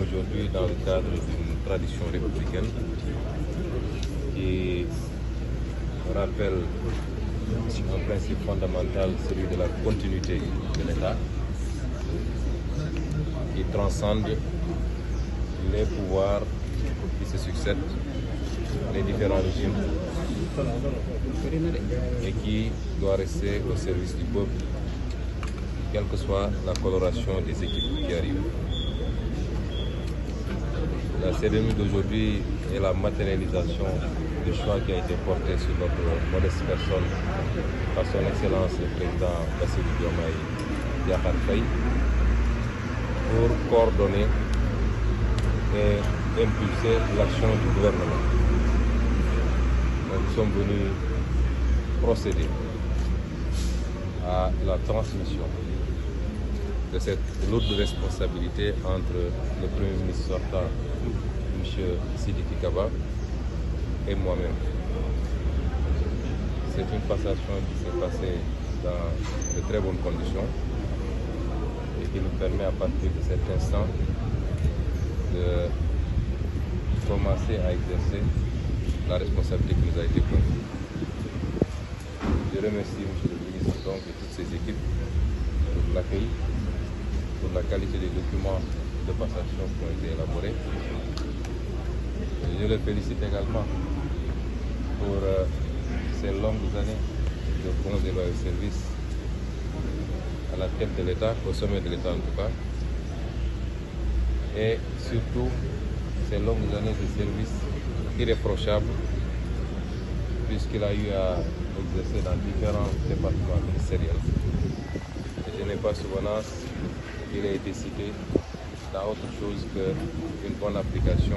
aujourd'hui dans le cadre d'une tradition républicaine qui rappelle un principe fondamental, celui de la continuité de l'État, qui transcende les pouvoirs qui se succèdent, les différents régimes, et qui doit rester au service du peuple, quelle que soit la coloration des équipes qui arrivent. La cérémonie d'aujourd'hui est la matérialisation du choix qui a été porté sur notre modeste personne par son Excellence le Président Bassirou Diomaye Diakhar pour coordonner et impulser l'action du gouvernement. Nous sommes venus procéder à la transmission de cette lourde responsabilité entre le Premier ministre sortant M. Sidiki Kaba et moi-même. C'est une passation qui s'est passée dans de très bonnes conditions et qui nous permet à partir de cet instant de commencer à exercer la responsabilité qui nous a été confiée. Je remercie M. le ministre et toutes ses équipes pour l'accueil, pour la qualité des documents de passation qui ont été élaborés. Et je le félicite également pour euh, ces longues années de bons de l'État, au sommet de l'État en tout cas. Et surtout, ces longues années de service irréprochable puisqu'il a eu à exercer dans différents départements ministériels. Et je n'ai pas souvenance qu'il ait été dans autre chose qu'une bonne application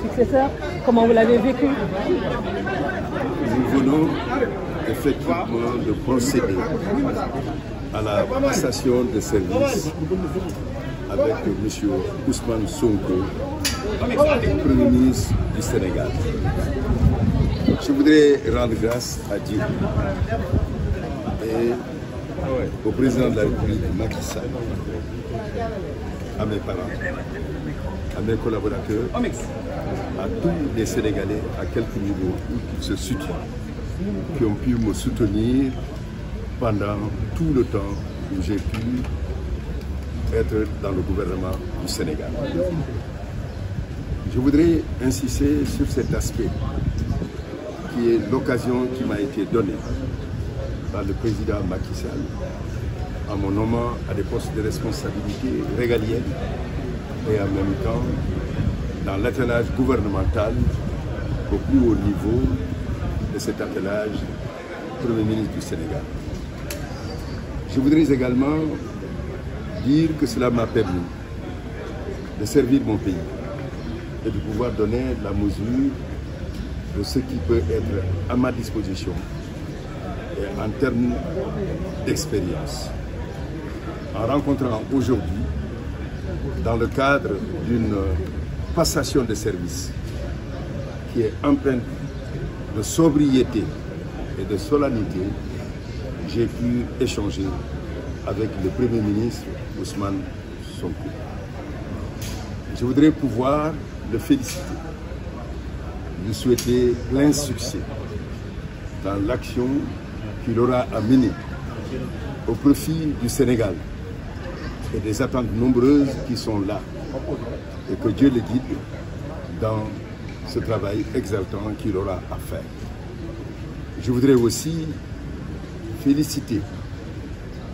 successeur, comment vous l'avez vécu Nous venons effectivement de procéder à la passation de service avec monsieur Ousmane Sonko, Premier ministre du Sénégal. Je voudrais rendre grâce à Dieu et au président de la République, Macky à mes parents, à mes collaborateurs, à tous les Sénégalais, à quelque niveau où qu'ils se situent, qui ont pu me soutenir pendant tout le temps où j'ai pu être dans le gouvernement du Sénégal. Je voudrais insister sur cet aspect qui est l'occasion qui m'a été donnée par le président Macky Sall en mon nommant à des postes de responsabilité régalienne et en même temps dans l'attelage gouvernemental au plus haut niveau de cet attelage Premier ministre du Sénégal. Je voudrais également dire que cela m'a permis de servir mon pays et de pouvoir donner la mesure de ce qui peut être à ma disposition et en termes d'expérience. En rencontrant aujourd'hui, dans le cadre d'une passation de service qui est empreinte de sobriété et de solennité, j'ai pu échanger avec le Premier ministre Ousmane Sonko. Je voudrais pouvoir le féliciter, lui souhaiter plein succès dans l'action qu'il aura à mener au profit du Sénégal et des attentes nombreuses qui sont là. Et que Dieu le guide dans ce travail exaltant qu'il aura à faire. Je voudrais aussi féliciter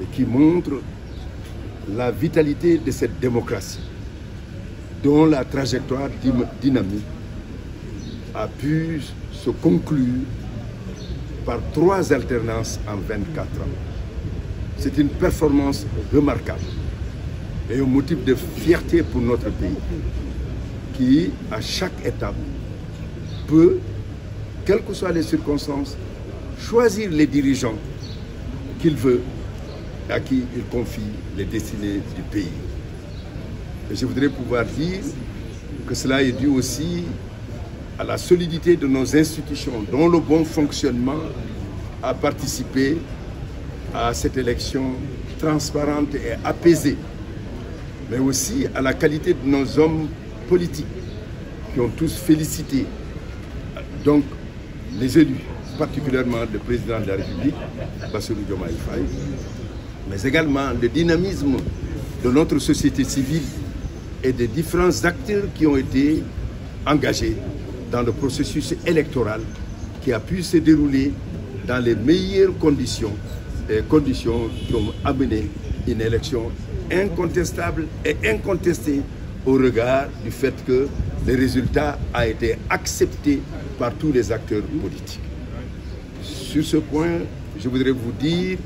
et qui montre la vitalité de la trajectoire dynamique a pu se conclure par en 24 ans. une performance remarquable et un motif pour notre à chaque étape, peut, quelles que soient les circonstances, choisir à qui il confie les destinées du pays. Et je voudrais pouvoir dire que cela est dû aussi à la solidité de nos institutions, dont le bon fonctionnement a participé à cette élection transparente et apaisée, mais aussi à la qualité de nos hommes politiques qui ont tous félicité donc les élus, particulièrement le président de la République, Bassirou Diomaye Faye, mais également le dynamisme de notre société civile et des différents acteurs qui ont été engagés dans le processus électoral qui a pu se dérouler dans les meilleures conditions, les conditions qui ont amené une élection incontestable et incontestée au regard du fait que le résultat a été accepté par tous les acteurs politiques. Sur ce point, je voudrais vous dire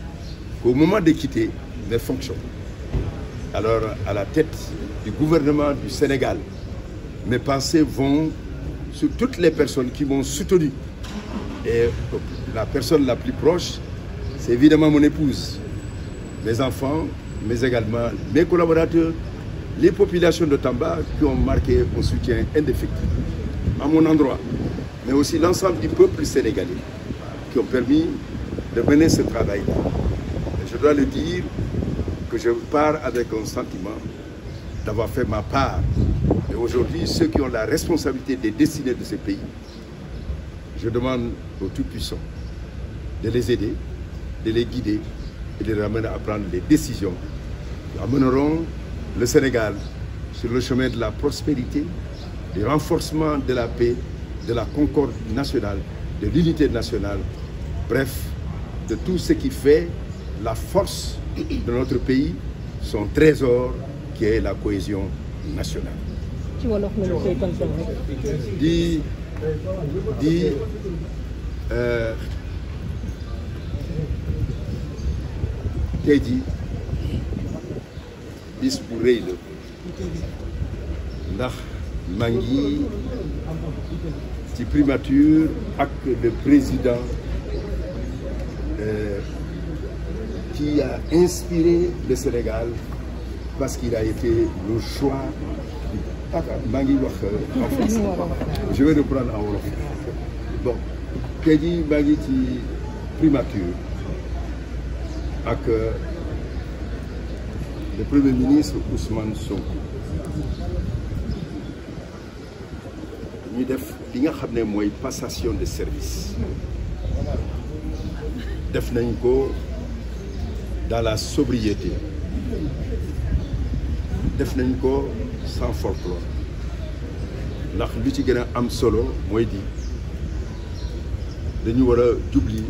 au moment de quitter mes fonctions alors à la tête du gouvernement du Sénégal mes pensées vont sur toutes les personnes qui m'ont soutenu et la personne la plus proche c'est évidemment mon épouse mes enfants mais également mes collaborateurs les populations de Tamba qui ont marqué un soutien indéfectible à mon endroit mais aussi l'ensemble du peuple sénégalais qui ont permis de mener ce travail-là je dois le dire que je pars avec un sentiment d'avoir fait ma part. Et aujourd'hui, ceux qui ont la responsabilité des destinées de ce pays, je demande aux Tout-Puissants de les aider, de les guider et de les ramener à prendre les décisions qui amèneront le Sénégal sur le chemin de la prospérité, du renforcement de la paix, de la concorde nationale, de l'unité nationale, bref, de tout ce qui fait la force de notre pays, son trésor qui est la cohésion nationale. di di euh, tey jii bis bu rëy la ndax président. Euh, qui a inspiré le Sénégal parce qu'il a été le choix maa ngi wax en français je vais reprendre en wolof bon tey jii maa ngi ci primature ak euh, le premier ministre Ousmane Sonko ñu def li nga xam ne mooy passation de service def nañ ko dans la sobriété def nañ ko sans folklore ndax lu ci gën a am solo mooy di dañu war a jubli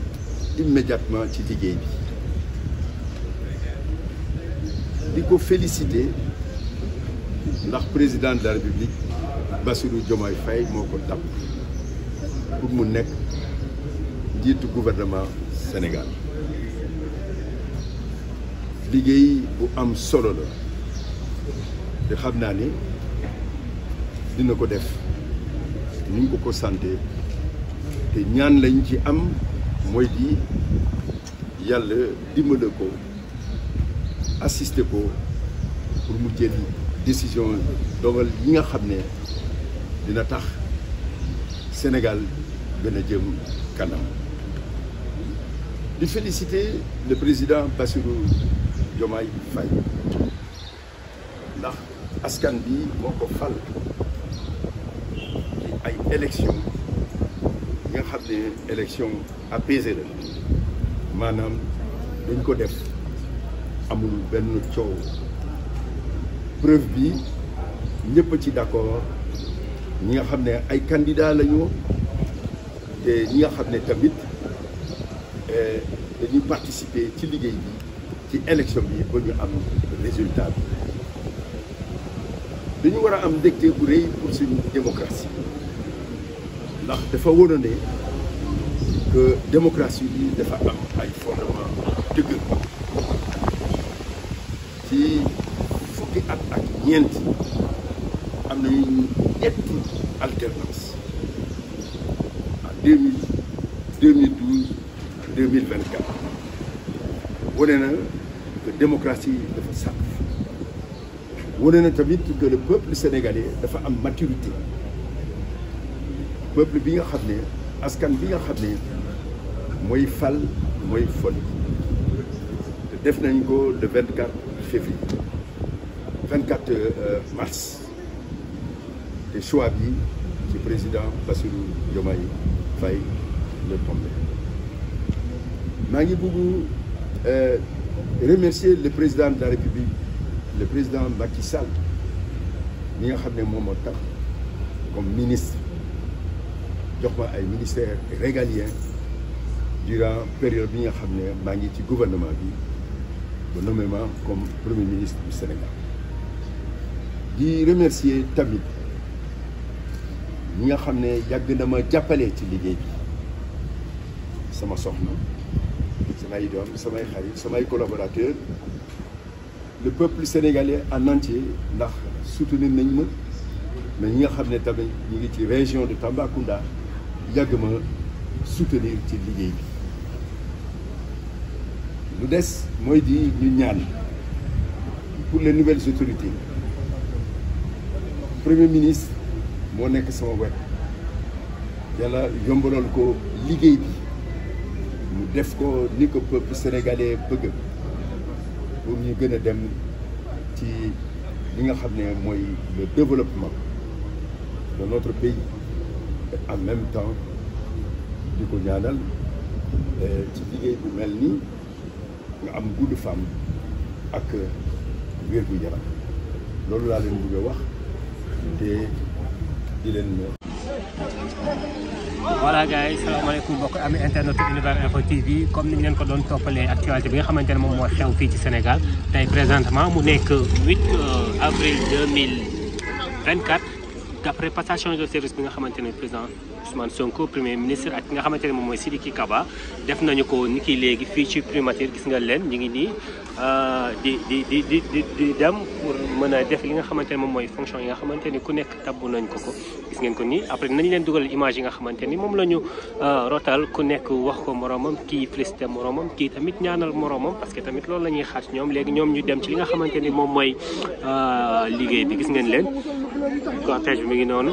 immédiatement ci liggéey bi di ko féliciter ndax président de la république Bassirou Diomaye Faye moo ko tàpp pour mu nekk njiitu gouvernement Sénégal liggéey bu am solo la te xam naa ni dina ko def ni mu ko ko santé te ñaan lañ ci am mooy di yàlla dimbale ko assisté ko pour mu jël décision dogal yi nga xam ne dina tax Sénégal gën a jëm kanam di félicité le président Bassirou Diomaye Faye ndax askan bi moo ko fal ci ay élection yi nga xam ne élection apaisée la maanaam dañ ko def amul benn coow preuve bi ñëpp ci d'accord ñi nga xam ne ay candidat lañu te ñi nga xam ne tamit eh, dañuy participer ci liggéey bi ci élection bi ba ñu am résultat bi dañu war a am ndégte bu rëy pour suñu démocratie ndax dafa wóor ne que démocratie bi dafa am ay fondement dëgg ci fukki at ak ñeent am nañu ñetti alternance en deux na démocratie dafa sàkk wane na tamit que le peuple sénégalais dafa am maturité peuple bi nga xam ne askan bi nga xam ne mooy fal mooy fol te def nañ ko le vingt quatre février vingt quatre euh, mars te choix bi ci président Bassirou Diomaye Faye le tombé maa ngi bugg euh, remercier le président de la république le président Macky Sall mi nga xam ne moom moo tax comme ministre jox ma ay ministère régaliens durant période bi nga xam ne maa ngi ci gouvernement bi ba nommé ma comme premier ministre du Sénégal di remercier tamit ñi nga xam ne yàgg na ma jàppale ci liggéey bi sama soxna. ay doom samay xarit samay collaborateurs le peuple sénégalais en entier ndax soutenir nañ ma mais ñi nga xam ne tamit ñu ngi ci région de Tambacounda yàgg ma soutenir ci liggéey bi lu des mooy di ñu ñaan pour les nouvelles autorités premier ministre moo nekk sama wet yàlla yombalal ko liggéey bi mu def ko ni ko peuple sénégalais bëgg pour ñu gën a dem ci li nga xam ne mooy le développement de notre pays et en même temps di ko ñaanal eh, ci liggéey bu mel nii nga am gudd fam ak wér gu yaram loolu laa leen bëgg wax te di leen. voilà gars yi salaamaaleykum mbokk ami internet univers info TV comme ni ñu leen ko doon toppalee actualité bi nga xamante ne moom moo xew fii ci Sénégal tey présentement mu nekk 8 euh, avril 2024 d'après passation de service bi nga xamante ne président Ousmane Sonko premier ministre ak ki nga xamante ne moom mooy Sidiki Kaba def nañu ko ni ki léegi fii ci primature gis nga leen ñu ngi nii. Euh, di di di di di dem pour mën a def li nga xamante ne moom mooy fonction yi nga xamante ni ku nekk tabbu nañ ko ko gis ngeen ko nii après nañu leen dugal image yi nga xamante ni moom la ñu euh, rotal ku nekk wax ko moromam kii félicité moromam kii tamit ñaanal moromam parce que tamit loolu la ñuy xaar ñoom léegi ñoom ñu dem ci li nga xamante ni moom mooy euh, liggéey bi gis ngeen leen cortège bi mi ngi noonu